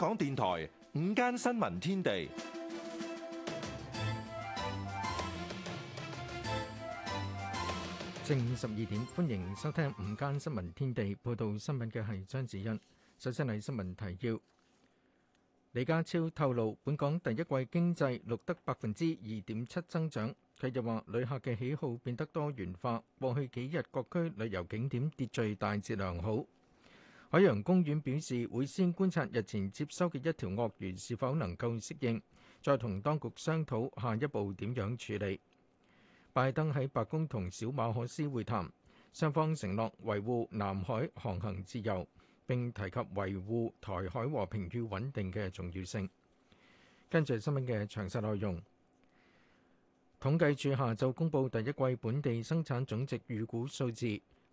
香港電台午間新聞天地，正午十二點，歡迎收聽午間新聞天地。報道新聞嘅係張子欣。首先係新聞提要，李家超透露，本港第一季經濟錄得百分之二點七增長。佢又話，旅客嘅喜好變得多元化。過去幾日，各區旅遊景點秩序大致良好。海洋公園表示，會先觀察日前接收嘅一條鱷魚是否能夠適應，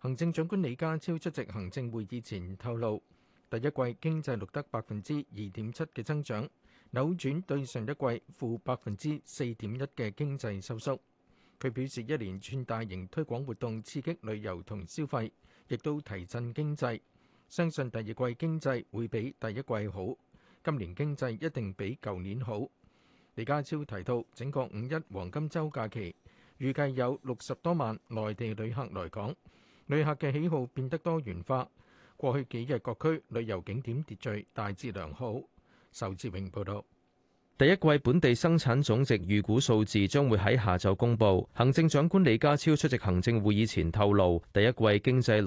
行政長官李家超出席行政會議前透露，第一季經濟錄得百分之二點七嘅增長，扭轉對上一季負百分之四點一嘅經濟收縮。佢表示，一連串大型推廣活動刺激旅遊同消費，亦都提振經濟。相信第二季經濟會比第一季好，今年經濟一定比舊年好。李家超提到，整個五一黃金週假期預計有六十多萬內地旅客來港。旅客嘅喜好變得多元化。過去幾日各區旅遊景點秩序大致良好。仇志榮報道。第一季本地生產總值預估數字將會喺下晝公布。行政長官李家超出席行政會議前透露，第一季經濟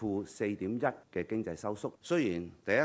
負四點一嘅經濟收縮，雖然第一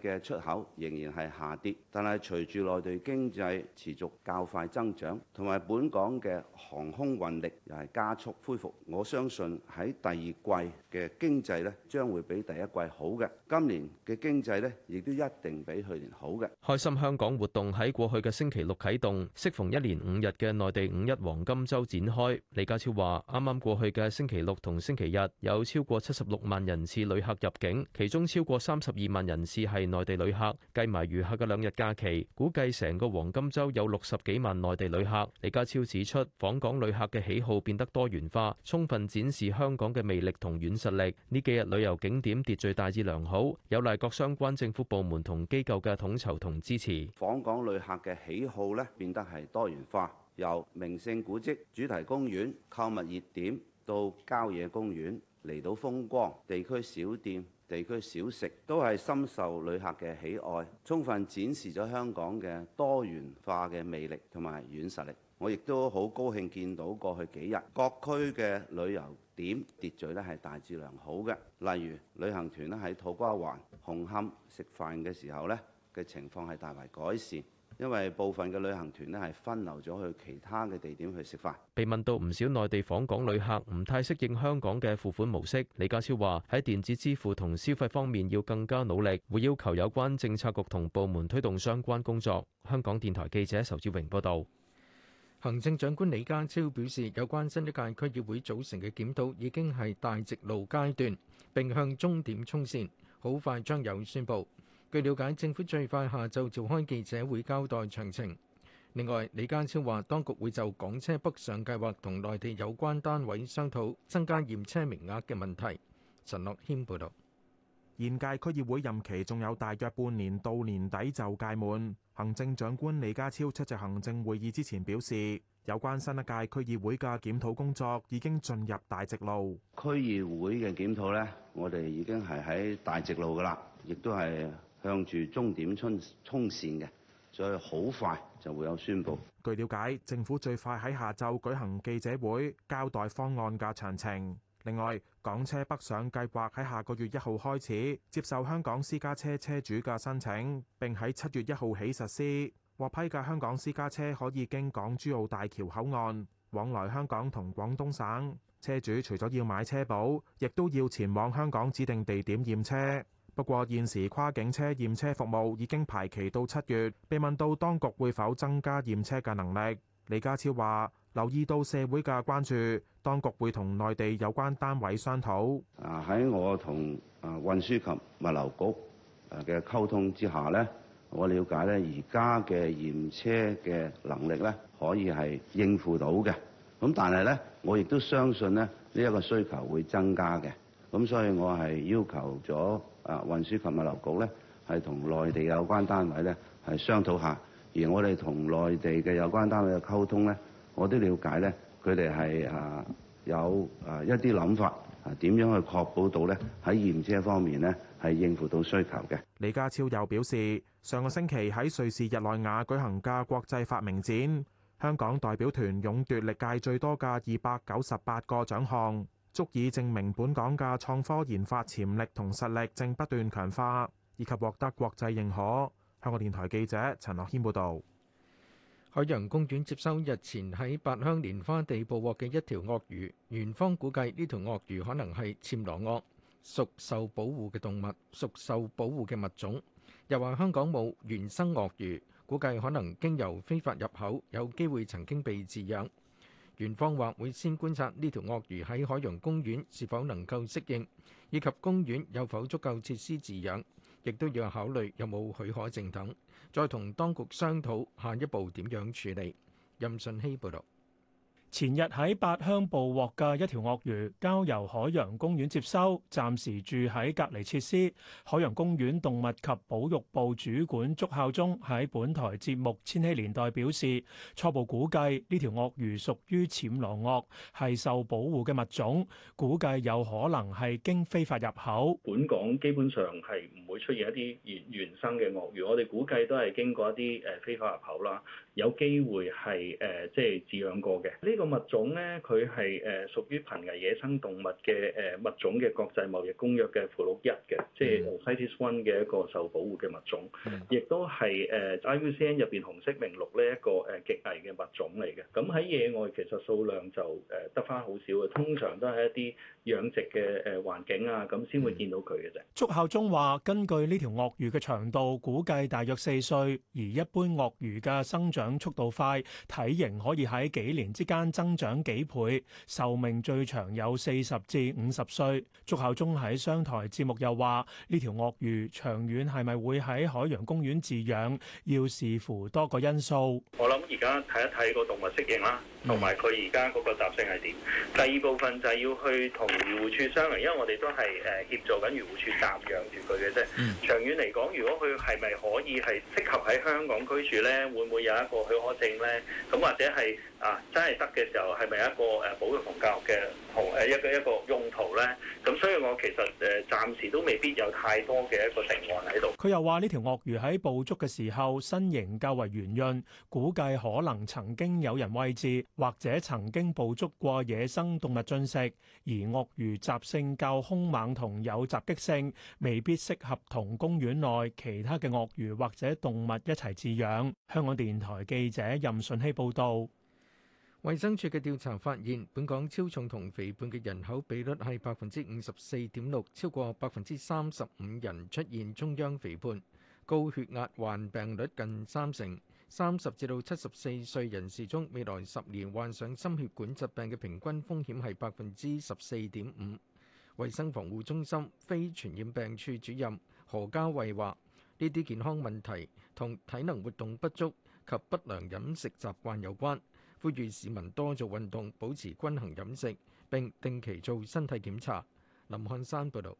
季嘅出口仍然係下跌。但係隨住內地經濟持續較快增長，同埋本港嘅航空運力又係加速恢復，我相信喺第二季嘅經濟咧，將會比第一季好嘅。今年嘅經濟咧，亦都一定比去年好嘅。開心香港活動喺過去嘅星期六啟動，適逢一連五日嘅內地五一黃金週展開。李家超話：啱啱過去嘅星期六同星期日，有超過七十六萬人次旅客入境，其中超過三十二萬人次係內地旅客，計埋餘下嘅兩日假期估計成個黃金周有六十幾萬內地旅客。李家超指出，訪港旅客嘅喜好變得多元化，充分展示香港嘅魅力同軟實力。呢幾日旅遊景點秩序大致良好，有賴各相關政府部門同機構嘅統籌同支持。訪港旅客嘅喜好咧變得係多元化，由名勝古跡、主題公園、購物熱點到郊野公園、離島風光、地區小店。地區小食都係深受旅客嘅喜愛，充分展示咗香港嘅多元化嘅魅力同埋軟實力。我亦都好高興見到過去幾日各區嘅旅遊點秩序呢係大致良好嘅，例如旅行團呢喺土瓜灣、紅磡食飯嘅時候呢，嘅情況係大為改善。因為部分嘅旅行團呢係分流咗去其他嘅地點去食飯。被問到唔少內地訪港旅客唔太適應香港嘅付款模式，李家超話喺電子支付同消費方面要更加努力，會要求有關政策局同部門推動相關工作。香港電台記者仇志榮報導。行政長官李家超表示，有關新一屆區議會組成嘅檢討已經係大直路階段，並向終點衝線，好快將有宣佈。據了解，政府最快下晝召開記者會，交代詳情。另外，李家超話，當局會就港車北上計劃同內地有關單位商討增加驗車名額嘅問題。陳樂軒報導。現屆區議會任期仲有大約半年到年底就屆滿，行政長官李家超出席行政會議之前表示，有關新一屆區議會嘅檢討工作已經進入大直路。區議會嘅檢討呢，我哋已經係喺大直路㗎喇，亦都係。向住終點村衝線嘅，所以好快就會有宣布。據了解，政府最快喺下晝舉行記者會，交代方案嘅詳情。另外，港車北上計劃喺下個月一號開始接受香港私家車車主嘅申請，並喺七月一號起實施。獲批嘅香港私家車可以經港珠澳大橋口岸往來香港同廣東省。車主除咗要買車保，亦都要前往香港指定地點驗車。不過現時跨境車驗車服務已經排期到七月。被問到當局會否增加驗車嘅能力，李家超話留意到社會嘅關注，當局會同內地有關單位商討。啊，喺我同啊運輸及物流局啊嘅溝通之下呢，我了解咧，而家嘅驗車嘅能力咧，可以係應付到嘅。咁但係咧，我亦都相信咧呢一個需求會增加嘅。咁所以我係要求咗。啊，運輸及物流局呢係同內地有關單位呢係商討下。而我哋同內地嘅有關單位嘅溝通呢，我都了解呢佢哋係啊有啊一啲諗法啊，點樣去確保到呢喺驗車方面呢係應付到需求嘅。李家超又表示，上個星期喺瑞士日內瓦舉行嘅國際發明展，香港代表團勇奪歷屆最多嘅二百九十八個獎項。足以證明本港嘅創科研發潛力同實力正不斷強化，以及獲得國際認可。香港電台記者陳樂軒報導。海洋公園接收日前喺八鄉蓮花地捕獲嘅一條鱷魚，園方估計呢條鱷魚可能係暹羅鱷，屬受保護嘅動物，屬受保護嘅物種。又話香港冇原生鱷魚，估計可能經由非法入口，有機會曾經被飼養。園方話：會先觀察呢條鱷魚喺海洋公園是否能夠適應，以及公園有否足夠設施飼養，亦都要考慮有冇許可證等，再同當局商討下一步點樣處理。任信希報導。前日喺八鄉捕獲嘅一條鱷魚交由海洋公園接收，暫時住喺隔離設施。海洋公園動物及保育部主管祝孝忠喺本台節目《千禧年代》表示，初步估計呢條鱷魚屬於暹羅鱷，係受保護嘅物種，估計有可能係經非法入口。本港基本上係唔會出現一啲原原生嘅鱷魚，我哋估計都係經過一啲誒非法入口啦，有機會係誒即係飼養過嘅呢個。物種咧，佢係誒屬於瀕危野生動物嘅誒物種嘅國際貿易公約嘅附錄一嘅，即係 status one 嘅一個受保護嘅物種，亦都係誒 IUCN 入邊紅色名錄呢一個誒極危嘅物種嚟嘅。咁喺野外其實數量就誒得翻好少嘅，通常都係一啲養殖嘅誒環境啊，咁先會見到佢嘅啫。祝孝忠話：根據呢條鱷魚嘅長度，估計大約四歲，而一般鱷魚嘅生長速度快，體型可以喺幾年之間，增長幾倍，壽命最長有四十至五十歲。祝孝忠喺商台節目又話呢條鱷魚長遠係咪會喺海洋公園飼養，要視乎多個因素。我諗而家睇一睇個動物適應啦。同埋佢而家嗰個習性係點？第二部分就係要去同漁護署商量，因為我哋都係誒協助緊漁護署暫養住佢嘅啫。嗯，長遠嚟講，如果佢係咪可以係適合喺香港居住咧，會唔會有一個許可證咧？咁或者係啊，真係得嘅時候係咪一個誒保育同教育嘅同誒一個一個用途咧？咁所以我其實誒暫時都未必有太多嘅一個定案喺度。佢又話呢條鱷魚喺捕捉嘅時候身形較為圓潤，估計可能曾經有人餵飼。或者曾經捕捉過野生動物進食，而鱷魚習性較兇猛同有襲擊性，未必適合同公園內其他嘅鱷魚或者動物一齊飼養。香港電台記者任順希報導。衛生署嘅調查發現，本港超重同肥胖嘅人口比率係百分之五十四點六，超過百分之三十五人出現中央肥胖，高血壓患病率近三成。三十至到七十四歲人士中，未來十年患上心血管疾病嘅平均風險係百分之十四點五。衞生防護中心非傳染病處主任何家慧話：呢啲健康問題同體能活動不足及不良飲食習慣有關，呼籲市民多做運動，保持均衡飲食，並定期做身體檢查。林漢山報導。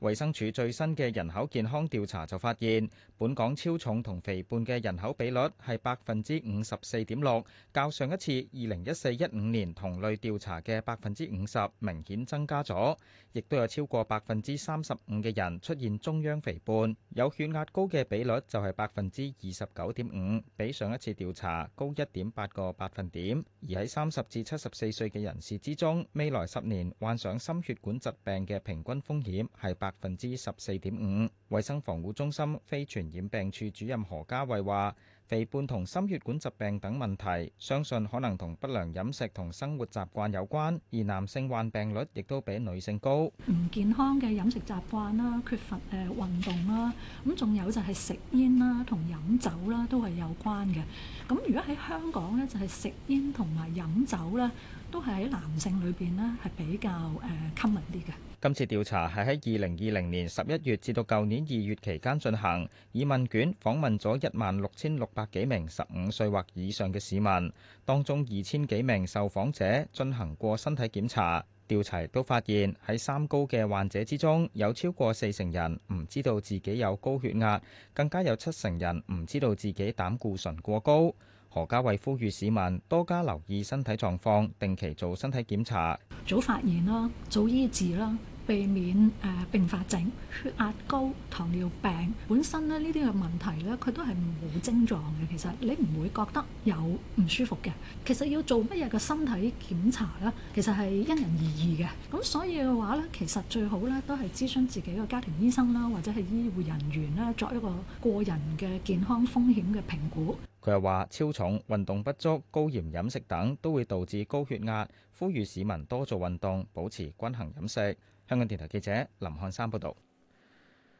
衛生署最新嘅人口健康調查就發現，本港超重同肥胖嘅人口比率係百分之五十四點六，較上一次二零一四一五年同類調查嘅百分之五十明顯增加咗。亦都有超過百分之三十五嘅人出現中央肥胖，有血壓高嘅比率就係百分之二十九點五，比上一次調查高一點八個百分點。而喺三十至七十四歲嘅人士之中，未來十年患上心血管疾病嘅平均風險係百分之十四點五。衞生防護中心非傳染病處主任何家慧話：肥胖同心血管疾病等問題，相信可能同不良飲食同生活習慣有關。而男性患病率亦都比女性高。唔健康嘅飲食習慣啦，缺乏誒運動啦，咁仲有就係食煙啦同飲酒啦，都係有關嘅。咁如果喺香港咧，就係食煙同埋飲酒咧，都係喺男性裏邊咧係比較誒 common 啲嘅。今次調查係喺二零二零年十一月至到舊年二月期間進行，以問卷訪問咗一萬六千六百幾名十五歲或以上嘅市民，當中二千幾名受訪者進行過身體檢查。調查都發現喺三高嘅患者之中，有超過四成人唔知道自己有高血壓，更加有七成人唔知道自己膽固醇過高。何家衞呼籲市民多加留意身體狀況，定期做身體檢查，早發現啦，早醫治啦。避免誒併發症、血壓高、糖尿病本身咧，呢啲嘅問題咧，佢都係冇症狀嘅。其實你唔會覺得有唔舒服嘅。其實要做乜嘢嘅身體檢查咧，其實係因人而異嘅。咁所以嘅話咧，其實最好咧都係諮詢自己嘅家庭醫生啦，或者係醫護人員啦，作一個個人嘅健康風險嘅評估。佢又話：超重、運動不足、高鹽飲食等都會導致高血壓。呼籲市民多做運動，保持均衡飲食。香港電台記者林漢山報道，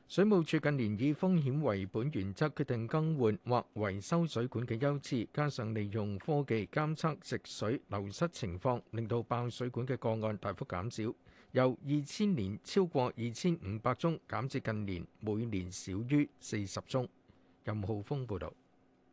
水務署近年以風險為本原則決定更換或維修水管嘅優次，加上利用科技監測食水流失情況，令到爆水管嘅個案大幅減少，由二千年超過二千五百宗減至近年每年少於四十宗。任浩峰報道。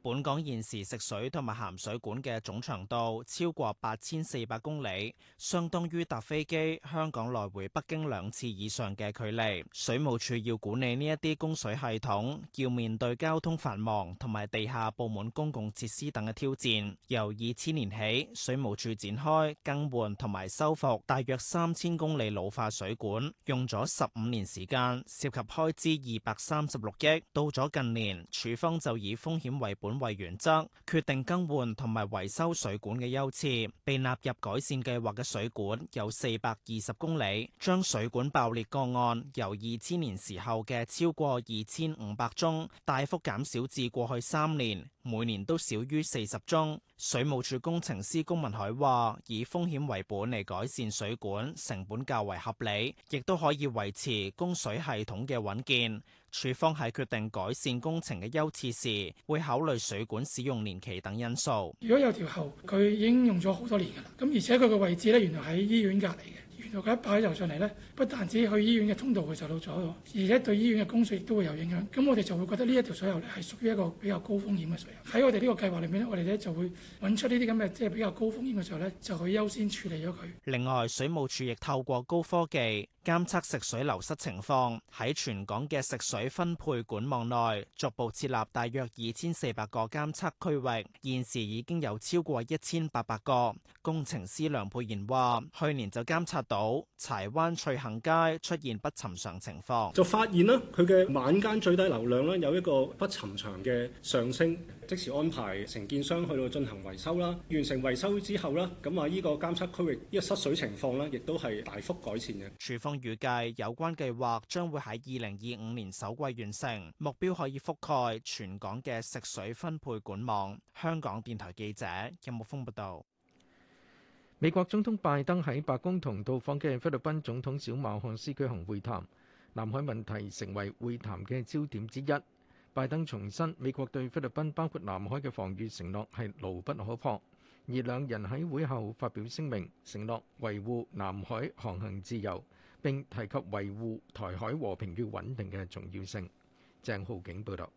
本港現時食水同埋鹹水管嘅總長度超過八千四百公里，相當於搭飛機香港來回北京兩次以上嘅距離。水務署要管理呢一啲供水系統，要面對交通繁忙同埋地下佈滿公共設施等嘅挑戰。由二千年起，水務署展開更換同埋修復大約三千公里老化水管，用咗十五年時間，涉及開支二百三十六億。到咗近年，署方就以風險為本為原則決定更換同埋維修水管嘅優次。被納入改善計劃嘅水管有四百二十公里，將水管爆裂個案由二千年時候嘅超過二千五百宗大幅減少至過去三年，每年都少於四十宗。水務署工程師龔文海話：以風險為本嚟改善水管，成本較為合理，亦都可以維持供水系統嘅穩健。署方喺決定改善工程嘅優次時，會考慮水管使用年期等因素。如果有條喉，佢已經用咗好多年噶啦，咁而且佢嘅位置咧，原來喺醫院隔離嘅。如果一擺油上嚟咧，不但止去醫院嘅通道會受到阻，而且對醫院嘅供水亦都會有影響。咁我哋就會覺得呢一條水喉咧，係屬於一個比較高風險嘅水喉。喺我哋呢個計劃裏面咧，我哋咧就會揾出呢啲咁嘅即係比較高風險嘅水喉咧，就去優先處理咗佢。另外，水務署亦透過高科技。監測食水流失情況，喺全港嘅食水分配管網內逐步設立大約二千四百個監測區域，現時已經有超過一千八百個。工程師梁佩賢話，去年就監測到柴灣翠恒街出現不尋常情況，就發現啦，佢嘅晚間最低流量咧有一個不尋常嘅上升。即時安排承建商去到進行維修啦，完成維修之後啦，咁啊呢個監測區域呢個失水情況啦，亦都係大幅改善嘅。署方預計有關計劃將會喺二零二五年首季完成，目標可以覆蓋全港嘅食水分配管網。香港電台記者任木峰報道。美國總統拜登喺白宮同到訪嘅菲律賓總統小馬漢斯舉行會談，南海問題成為會談嘅焦點之一。拜登重申美國對菲律賓包括南海嘅防禦承諾係牢不可破，而兩人喺會後發表聲明，承諾維護南海航行自由，並提及維護台海和平與穩定嘅重要性。鄭浩景報導。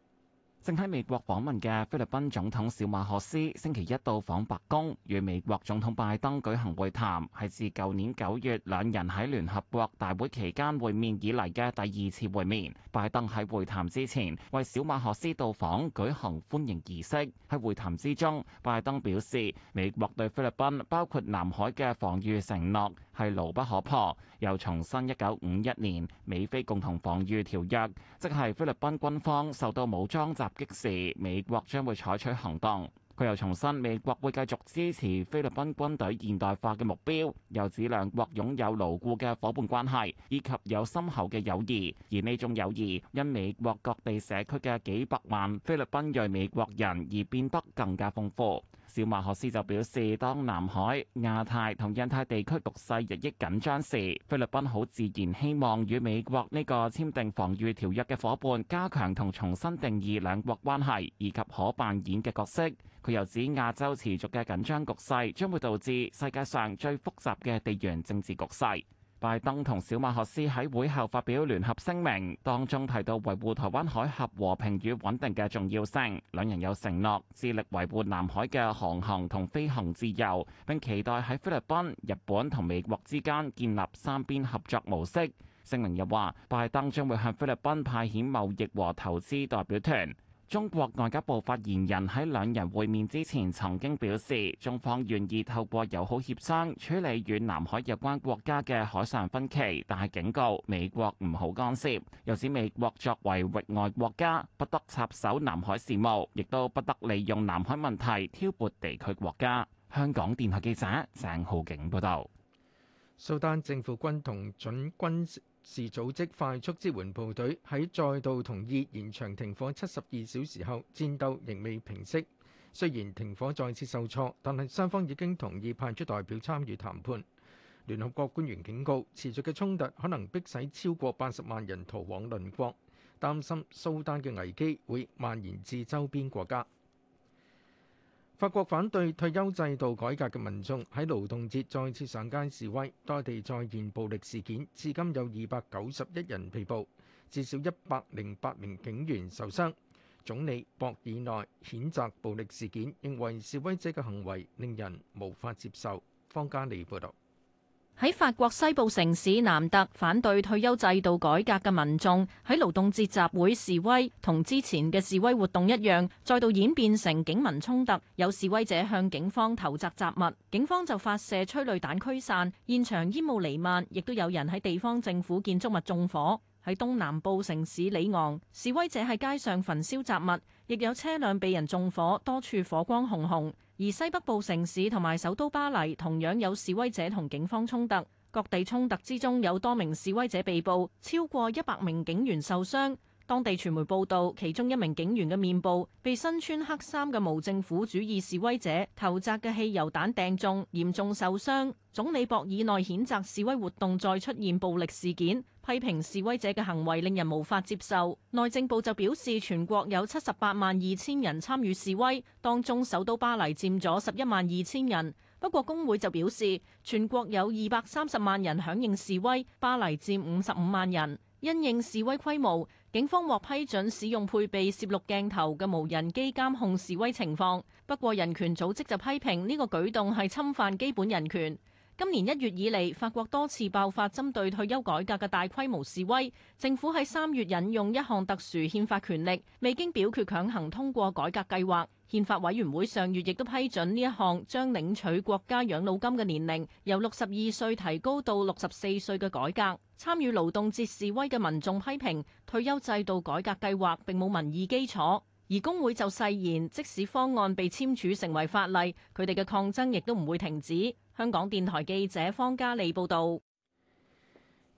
正喺美國訪問嘅菲律賓總統小馬可斯星期一到訪白宮，與美國總統拜登舉行會談，係自舊年九月兩人喺聯合國大會期間會面以嚟嘅第二次會面。拜登喺會談之前為小馬可斯到訪舉行歡迎儀式。喺會談之中，拜登表示美國對菲律賓包括南海嘅防禦承諾係牢不可破，又重申一九五一年美菲共同防禦條約，即係菲律賓軍方受到武裝襲擊時，美國將會採取行動。佢又重申美國會繼續支持菲律賓軍隊現代化嘅目標，又指兩國擁有牢固嘅伙伴關係，以及有深厚嘅友誼，而呢種友誼因美國各地社區嘅幾百萬菲律賓裔美國人而變得更加豐富。小馬可斯就表示，當南海、亞太同印太地區局勢日益緊張時，菲律賓好自然希望與美國呢個簽訂防禦條約嘅伙伴加強同重新定義兩國關係，以及可扮演嘅角色。佢又指亞洲持續嘅緊張局勢將會導致世界上最複雜嘅地緣政治局勢。拜登同小馬可斯喺會後發表聯合聲明，當中提到維護台灣海峽和平與穩定嘅重要性。兩人有承諾，致力維護南海嘅航行同飛行自由，並期待喺菲律賓、日本同美國之間建立三邊合作模式。聲明又話，拜登將會向菲律賓派遣貿易和投資代表團。中國外交部發言人喺兩人會面之前曾經表示，中方願意透過友好協商處理與南海有關國家嘅海上分歧，但係警告美國唔好干涉，又指美國作為域外國家，不得插手南海事務，亦都不得利用南海問題挑撥地區國家。香港電台記者鄭浩景報道。蘇丹政府軍同準軍。是組織快速支援部隊喺再度同意延長停火七十二小時後，戰鬥仍未平息。雖然停火再次受挫，但係雙方已經同意派出代表參與談判。聯合國官員警告，持續嘅衝突可能迫使超過八十萬人逃往鄰國，擔心蘇丹嘅危機會蔓延至周邊國家。法國反對退休制度改革嘅民眾喺勞動節再次上街示威，多地再現暴力事件，至今有二百九十一人被捕，至少一百零八名警員受傷。總理博爾內譴責暴力事件，認為示威者嘅行為令人無法接受。方家莉報道。喺法國西部城市南特，反對退休制度改革嘅民眾喺勞動節集會示威，同之前嘅示威活動一樣，再度演變成警民衝突，有示威者向警方投擲雜物，警方就發射催淚彈驅散，現場煙霧彌漫，亦都有人喺地方政府建築物縱火。喺東南部城市里昂，示威者喺街上焚燒雜物，亦有車輛被人縱火，多處火光熊熊。而西北部城市同埋首都巴黎，同樣有示威者同警方衝突。各地衝突之中，有多名示威者被捕，超過一百名警員受傷。當地傳媒報道，其中一名警員嘅面部被身穿黑衫嘅無政府主義示威者投擲嘅汽油彈掟中，嚴重受傷。總理博爾內譴責示威活動再出現暴力事件。批評示威者嘅行為令人無法接受。內政部就表示，全國有七十八萬二千人參與示威，當中首都巴黎佔咗十一萬二千人。不過，工會就表示，全國有二百三十萬人響應示威，巴黎佔五十五萬人。因應示威規模，警方獲批准使用配備攝錄鏡頭嘅無人機監控示威情況。不過，人權組織就批評呢個舉動係侵犯基本人權。今年一月以嚟，法國多次爆發針對退休改革嘅大規模示威。政府喺三月引用一項特殊憲法權力，未經表決強行通過改革計劃。憲法委員會上月亦都批准呢一項將領取國家養老金嘅年齡由六十二歲提高到六十四歲嘅改革。參與勞動節示威嘅民眾批評退休制度改革計劃並冇民意基礎，而工會就誓言，即使方案被簽署成為法例，佢哋嘅抗爭亦都唔會停止。香港電台記者方嘉莉報道：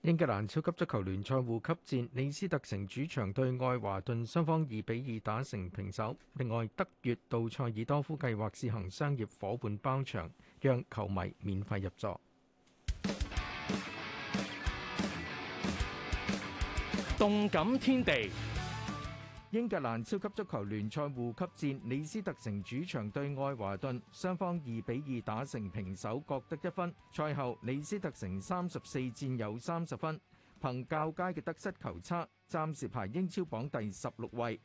英格蘭超級足球聯賽護級戰，李斯特城主場對愛華頓，雙方二比二打成平手。另外，德月杜塞爾多夫計劃試行商業伙伴包場，讓球迷免費入座。動感天地。英格蘭超級足球聯賽護級戰，李斯特城主場對愛華頓，雙方二比二打成平手，各得一分。賽後，李斯特城三十四戰有三十分，憑較佳嘅得失球差，暫時排英超榜第十六位。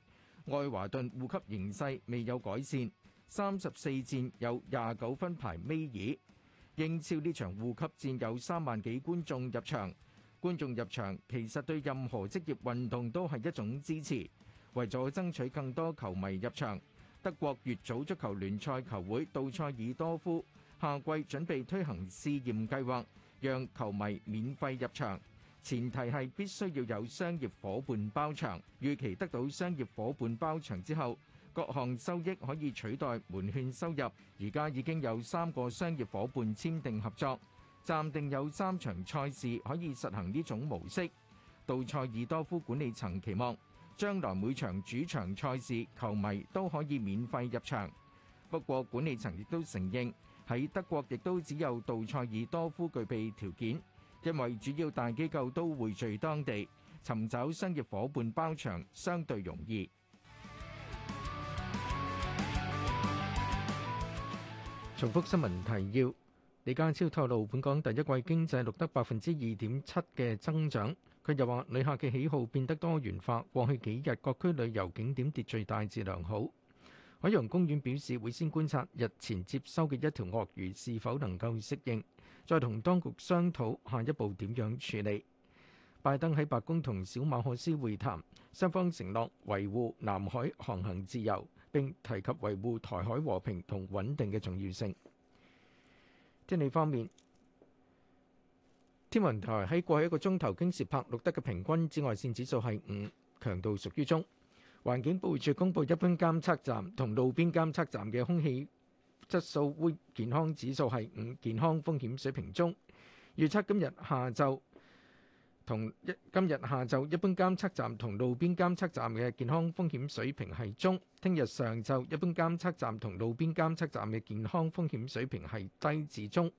愛華頓護級形勢未有改善，三十四戰有廿九分，排尾二。英超呢場護級戰有三萬幾觀眾入場，觀眾入場其實對任何職業運動都係一種支持。為咗爭取更多球迷入場，德國乙組足球聯賽球會杜塞爾多夫下季準備推行試驗計劃，讓球迷免費入場，前提係必須要有商業夥伴包場。預期得到商業夥伴包場之後，各項收益可以取代門券收入。而家已經有三個商業夥伴簽訂合作，暫定有三場賽事可以實行呢種模式。杜塞爾多夫管理層期望，將來每場主場賽事，球迷都可以免費入場。不過，管理層亦都承認，喺德國亦都只有杜賽爾多夫具備條件，因為主要大機構都匯聚當地，尋找商業伙伴包場相對容易。重複新聞提要，李家超透露，本港第一季經濟錄得百分之二點七嘅增長。佢又話：旅客嘅喜好變得多元化。過去幾日，各區旅遊景點秩序大致良好。海洋公園表示會先觀察日前接收嘅一條鱷魚是否能夠適應，再同當局商討下一步點樣處理。拜登喺白宮同小馬可斯會談，雙方承諾維護南海航行自由，並提及維護台海和平同穩定嘅重要性。天氣方面。天文台喺過去一個鐘頭，京士柏錄得嘅平均紫外線指數係五，強度屬於中。環境保護署公布，一般監測站同路邊監測站嘅空氣質素會健康指數係五，健康風險水平中。預測今日下晝同一今日下晝一般監測站同路邊監測站嘅健康風險水平係中。聽日上晝一般監測站同路邊監測站嘅健康風險水平係低至中。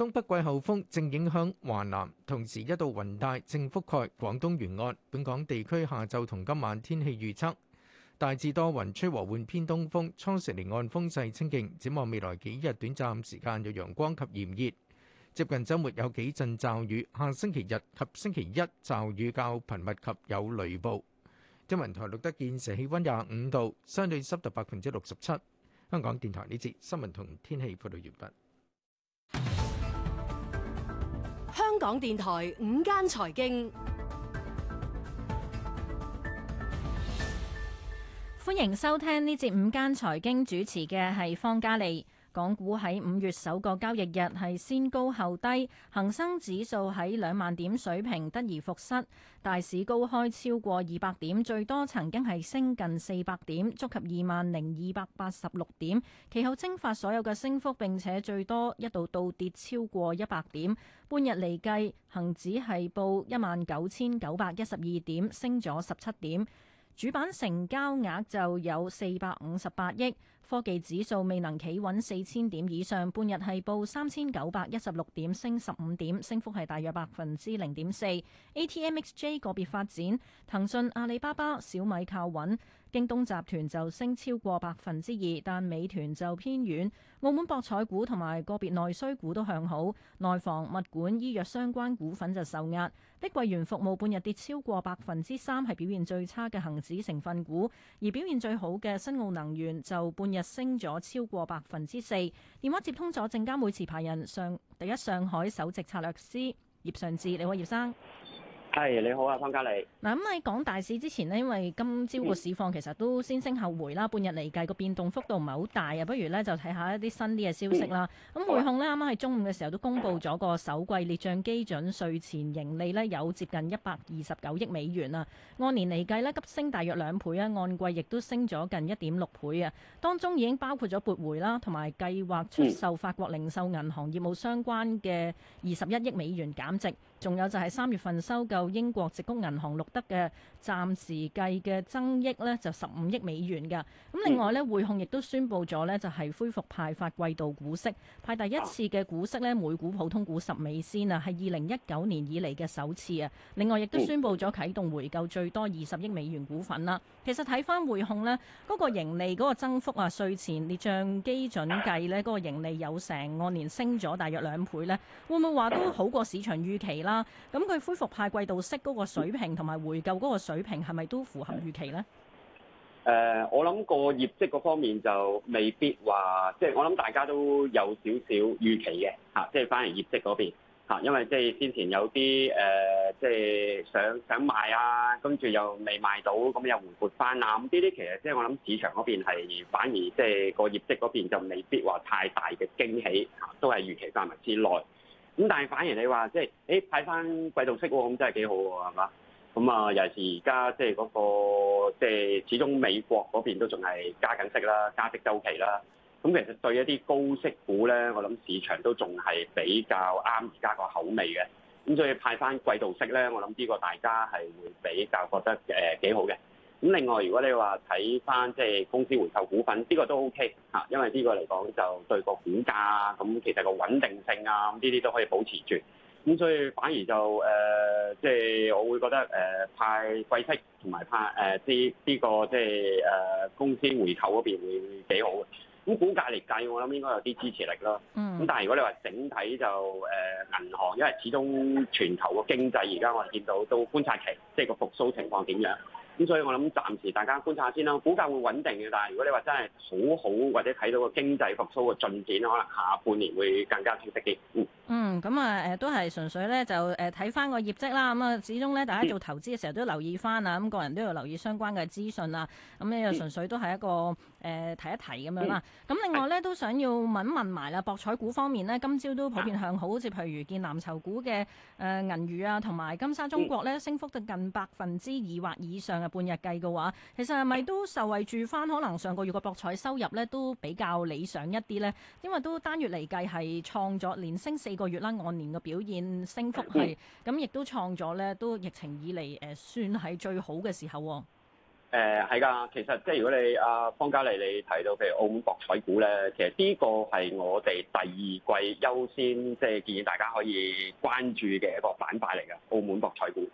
東北季候風正影響華南，同時一道雲帶正覆蓋廣東沿岸。本港地區下晝同今晚天氣預測：大致多雲，吹和緩偏東風，初時離岸風勢清勁。展望未來幾日短暫時間有陽光及炎熱，接近周末有幾陣驟雨，下星期日及星期一驟雨較頻密及有雷暴。天文台錄得現時氣温廿五度，相對濕度百分之六十七。香港電台呢節新聞同天氣報導完畢。香港電台午間財經，歡迎收聽呢節午間財經，主持嘅係方嘉莉。港股喺五月首個交易日係先高後低，恒生指數喺兩萬點水平得而復失，大市高開超過二百點，最多曾經係升近四百點，觸及二萬零二百八十六點，其後蒸發所有嘅升幅，並且最多一度倒跌超過一百點，半日嚟計，恒指係報一萬九千九百一十二點，升咗十七點。主板成交額就有四百五十八億，科技指數未能企穩四千點以上，半日係報三千九百一十六點，升十五點，升幅係大約百分之零點四。ATMXJ 個別發展，騰訊、阿里巴巴、小米靠穩。京東集團就升超過百分之二，但美團就偏軟。澳門博彩股同埋個別內需股都向好，內房、物管、醫藥相關股份就受壓。碧桂園服務半日跌超過百分之三，係表現最差嘅恒指成分股。而表現最好嘅新奧能源就半日升咗超過百分之四。電話接通咗證監會持牌人上第一上海首席策略師葉尚志，你好葉生。係、hey, 你好啊，方嘉莉。嗱，咁喺講大市之前咧，因為今朝個市況其實都先升後回啦，半日嚟計個變動幅度唔係好大啊，不如呢，就睇下一啲新啲嘅消息啦。咁匯、嗯、控呢，啱啱喺中午嘅時候都公布咗個首季列賬基準稅前盈利呢有接近一百二十九億美元啊，按年嚟計咧急升大約兩倍啊，按季亦都升咗近一點六倍啊。當中已經包括咗撥回啦，同埋計劃出售法國零售銀行業務相關嘅二十一億美元減值。仲有就係三月份收購英國矽谷銀行錄得嘅暫時計嘅增益呢，就十五億美元嘅。咁另外呢，匯控亦都宣布咗呢，就係恢復派發季度股息，派第一次嘅股息呢，每股普通股十美仙啊，係二零一九年以嚟嘅首次啊。另外亦都宣布咗啟動回購最多二十億美元股份啦。其實睇翻匯控咧，嗰、那個盈利嗰個增幅啊，稅前列帳基準計咧，嗰、那個盈利有成按年升咗大約兩倍咧，會唔會話都好過市場預期啦？咁佢恢復派季度息嗰個水平同埋回購嗰個水平係咪都符合預期咧？誒、呃，我諗個業績嗰方面就未必話，即係我諗大家都有少少預期嘅嚇、啊，即係翻嚟業績嗰邊。呃就是、啊，因為即係先前有啲誒，即係想想賣啊，跟住又未賣到，咁又回撥翻啊，咁呢啲其實即係我諗市場嗰邊係反而即係個業績嗰邊就未必話太大嘅驚喜，啊、都係預期範圍之內。咁但係反而你話即係，誒睇翻季度息喎，咁、嗯、真係幾好喎，係嘛？咁、嗯、啊，尤其是而家即係嗰個即係、就是、始終美國嗰邊都仲係加緊息啦，加息週期啦。咁其實對一啲高息股咧，我諗市場都仲係比較啱而家個口味嘅，咁所以派翻季度息咧，我諗呢個大家係會比較覺得誒幾好嘅。咁另外如果你話睇翻即係公司回購股份，呢個都 O K 嚇，因為呢個嚟講就對個股價咁其實個穩定性啊，咁呢啲都可以保持住。咁所以反而就誒即係我會覺得誒、呃、派季息同埋派誒啲呢個即係誒公司回購嗰邊會幾好嘅。咁股價嚟計，我諗應該有啲支持力咯。嗯。咁但係如果你話整體就誒、呃、銀行，因為始終全球個經濟而家我哋見到都觀察期，即係個復甦情況點樣。咁所以我諗暫時大家觀察下先咯。股價會穩定嘅，但係如果你話真係好好或者睇到個經濟復甦嘅進展，可能下半年會更加清晰啲。嗯，嗯。嗯，咁啊誒，都係純粹咧就誒睇翻個業績啦。咁啊，始終咧大家做投資嘅時候都留意翻啊。咁、嗯、個人都要留意相關嘅資訊啊。咁呢又純粹都係一個。嗯嗯誒、呃、提一提咁樣啦，咁另外咧都想要問一問埋啦，博彩股方面呢，今朝都普遍向好，好似譬如建南籌股見藍籌股嘅誒、呃、銀娛啊，同埋金沙中國咧，升幅都近百分之二或以上嘅半日計嘅話，其實係咪都受惠住翻可能上個月個博彩收入咧都比較理想一啲呢？因為都單月嚟計係創咗連升四個月啦，按年嘅表現升幅係咁，亦、嗯、都創咗咧都疫情以嚟誒、呃、算係最好嘅時候，啊。誒係㗎，其實即係如果你阿方嘉麗你提到，譬如澳門博彩股咧，其實呢個係我哋第二季優先即係、就是、建議大家可以關注嘅一個板塊嚟㗎，澳門博彩股。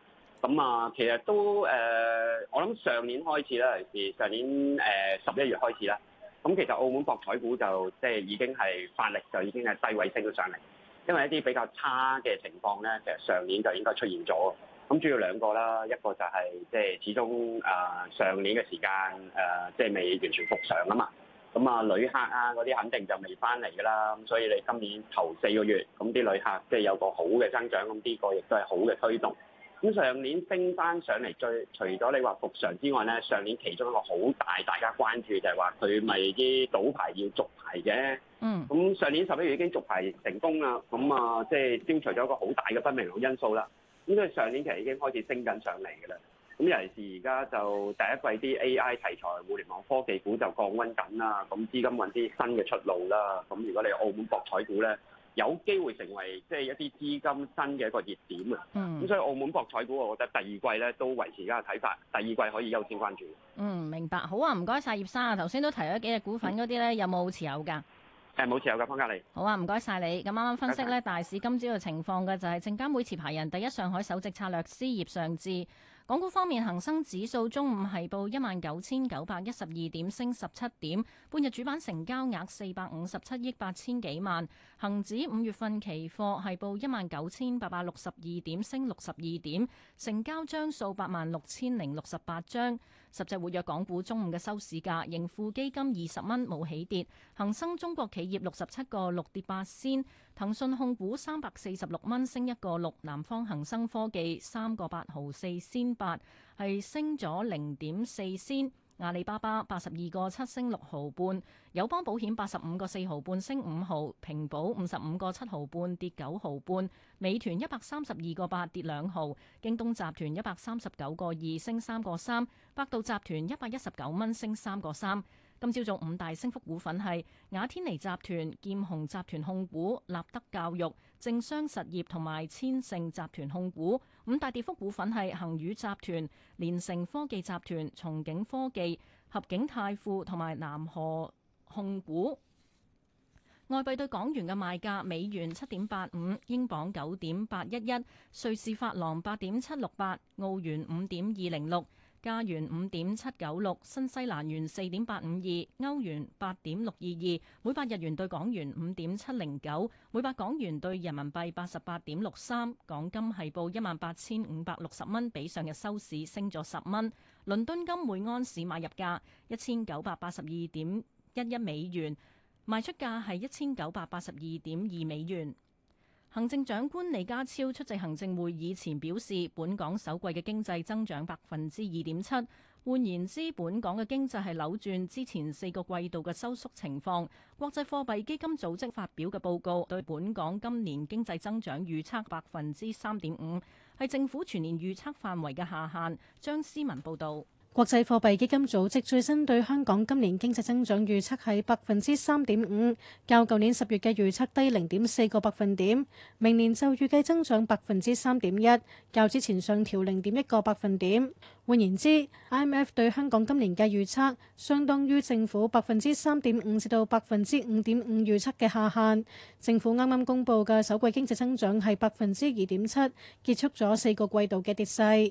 咁啊，其實都誒、呃，我諗上年開始啦，尤其係上年誒十一月開始啦。咁其實澳門博彩股就即係、就是、已經係發力，就已經係低位升咗上嚟，因為一啲比較差嘅情況咧，其實上年就應該出現咗。咁主要兩個啦，一個就係即係始終誒上年嘅時間誒，即係未完全復常啊嘛。咁啊，旅客啊嗰啲肯定就未翻嚟噶啦。咁所以你今年頭四個月，咁啲旅客即係有個好嘅增長，咁呢個亦都係好嘅推動。咁上年升翻上嚟，最除咗你話復常之外咧，上年其中一個好大大家關注就係話佢咪啲賭牌要續牌嘅。嗯。咁上年十一月已經續牌成功啦。咁啊，即係消除咗一個好大嘅不明朗因素啦。應該上年期已經開始升緊上嚟嘅啦，咁尤其是而家就第一季啲 AI 題材、互聯網科技股就降溫緊啦，咁資金揾啲新嘅出路啦，咁如果你有澳門博彩股咧，有機會成為即係一啲資金新嘅一個熱點啊，咁、嗯、所以澳門博彩股我覺得第二季咧都維持而家嘅睇法，第二季可以優先關注。嗯，明白，好啊，唔該晒葉生啊，頭先都提咗幾隻股份嗰啲咧，嗯、有冇持有㗎？誒好啊！唔該晒你。咁啱啱分析呢大市今朝嘅情況嘅就係證監會持牌人第一上海首席策略師葉尚志。港股方面，恒生指數中午係報一萬九千九百一十二點，升十七點。半日主板成交額四百五十七億八千幾萬。恒指五月份期貨係報一萬九千八百六十二點，升六十二點，成交張數八萬六千零六十八張。十隻活躍港股中午嘅收市價，盈富基金二十蚊冇起跌，恒生中國企業六十七個六跌八仙，騰訊控股三百四十六蚊升一個六，南方恒生科技三個八毫四仙八，係升咗零點四仙。阿里巴巴八十二個七升六毫半，友邦保險八十五個四毫半升五毫，平保五十五個七毫半跌九毫半，美團一百三十二個八跌兩毫，京東集團一百三十九個二升三個三，百度集團一百一十九蚊升三個三。今朝早五大升幅股份係雅天尼集團、劍雄集團控股、立德教育、正商實業同埋千盛集團控股。五大跌幅股份係恒宇集團、連成科技集團、松景科技、合景泰富同埋南河控股。外幣兌港元嘅賣價：美元七點八五，英鎊九點八一一，瑞士法郎八點七六八，澳元五點二零六。加元五點七九六，96, 新西蘭元四點八五二，歐元八點六二二，每百日元對港元五點七零九，每百港元對人民幣八十八點六三。港金係報一萬八千五百六十蚊，比上日收市升咗十蚊。倫敦金每安士買入價一千九百八十二點一一美元，賣出價係一千九百八十二點二美元。行政長官李家超出席行政會議前表示，本港首季嘅經濟增長百分之二點七，換言之，本港嘅經濟係扭轉之前四個季度嘅收縮情況。國際貨幣基金組織發表嘅報告對本港今年經濟增長預測百分之三點五，係政府全年預測範圍嘅下限。張思文報導。國際貨幣基金組織最新對香港今年經濟增長預測係百分之三點五，較舊年十月嘅預測低零點四個百分點。明年就預計增長百分之三點一，較之前上調零點一個百分點。換言之，IMF 對香港今年嘅預測相當於政府百分之三點五至到百分之五點五預測嘅下限。政府啱啱公布嘅首季經濟增長係百分之二點七，結束咗四個季度嘅跌勢。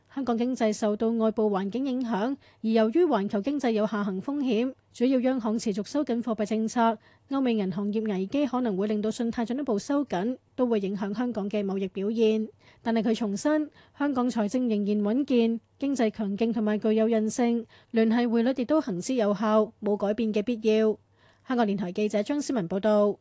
香港經濟受到外部環境影響，而由於環球經濟有下行風險，主要央行持續收緊貨幣政策，歐美銀行業危機可能會令到信貸進一步收緊，都會影響香港嘅貿易表現。但係佢重申，香港財政仍然穩健，經濟強勁同埋具有韌性，聯繫匯率亦都行之有效，冇改變嘅必要。香港電台記者張思文報道。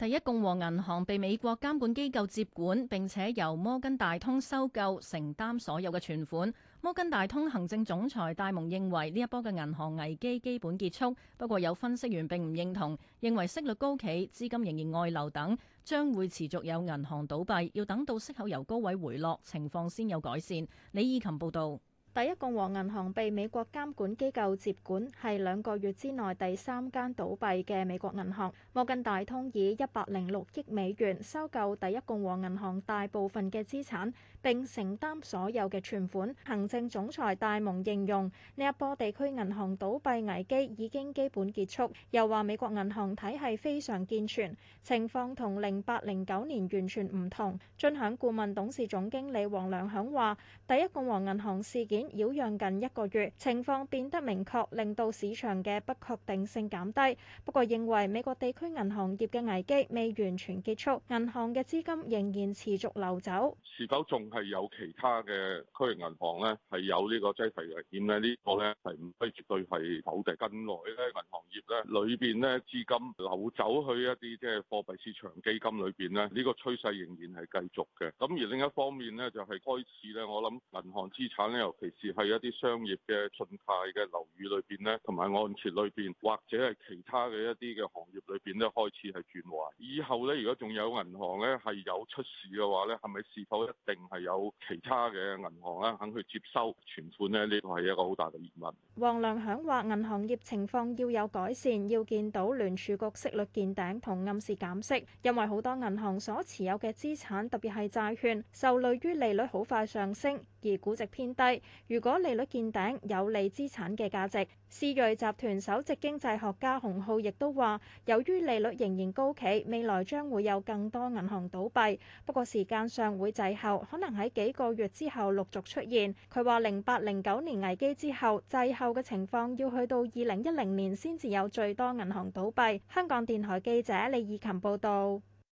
第一共和銀行被美國監管機構接管，並且由摩根大通收購，承擔所有嘅存款。摩根大通行政總裁戴蒙認為呢一波嘅銀行危機基本結束，不過有分析員並唔認同，認為息率高企、資金仍然外流等，將會持續有銀行倒閉，要等到息口由高位回落，情況先有改善。李以琴報導。第一共和銀行被美國監管機構接管，係兩個月之內第三間倒閉嘅美國銀行。摩根大通以一百零六億美元收購第一共和銀行大部分嘅資產。並承擔所有嘅存款。行政總裁戴蒙形容：「呢一波地區銀行倒閉危機已經基本結束，又話美國銀行體系非常健全，情況同零八零九年完全唔同。尊享顧問董事總經理黃良響話：第一共和銀行事件擾攘近一個月，情況變得明確，令到市場嘅不確定性減低。不過認為美國地區銀行業嘅危機未完全結束，銀行嘅資金仍然持續流走。是否仲？係有其他嘅區域銀行咧，係有呢、這個擠提危險咧，呢、這個咧係唔可以絕對係否定。更耐咧，銀行業咧裏邊咧資金流走去一啲即係貨幣市場基金裏邊咧，呢、這個趨勢仍然係繼續嘅。咁而另一方面咧，就係、是、開始咧，我諗銀行資產咧，尤其是係一啲商業嘅信貸嘅樓宇裏邊咧，同埋按揭裏邊或者係其他嘅一啲嘅行業裏邊咧，開始係轉壞。以後咧，如果仲有銀行咧係有出事嘅話咧，係咪是，是否一定係？有其他嘅銀行咧，肯去接收存款咧，呢個係一個好大嘅疑問。黃良響話：銀行業情況要有改善，要見到聯儲局息率見頂同暗示減息，因為好多銀行所持有嘅資產，特別係債券，受累於利率好快上升。而估值偏低，如果利率見頂，有利資產嘅價值。思睿集團首席經濟學家洪浩亦都話，由於利率仍然高企，未來將會有更多銀行倒閉，不過時間上會滯後，可能喺幾個月之後陸續出現，佢話零八零九年危機之後滯後嘅情況要去到二零一零年先至有最多銀行倒閉，香港電台記者李以琴報道。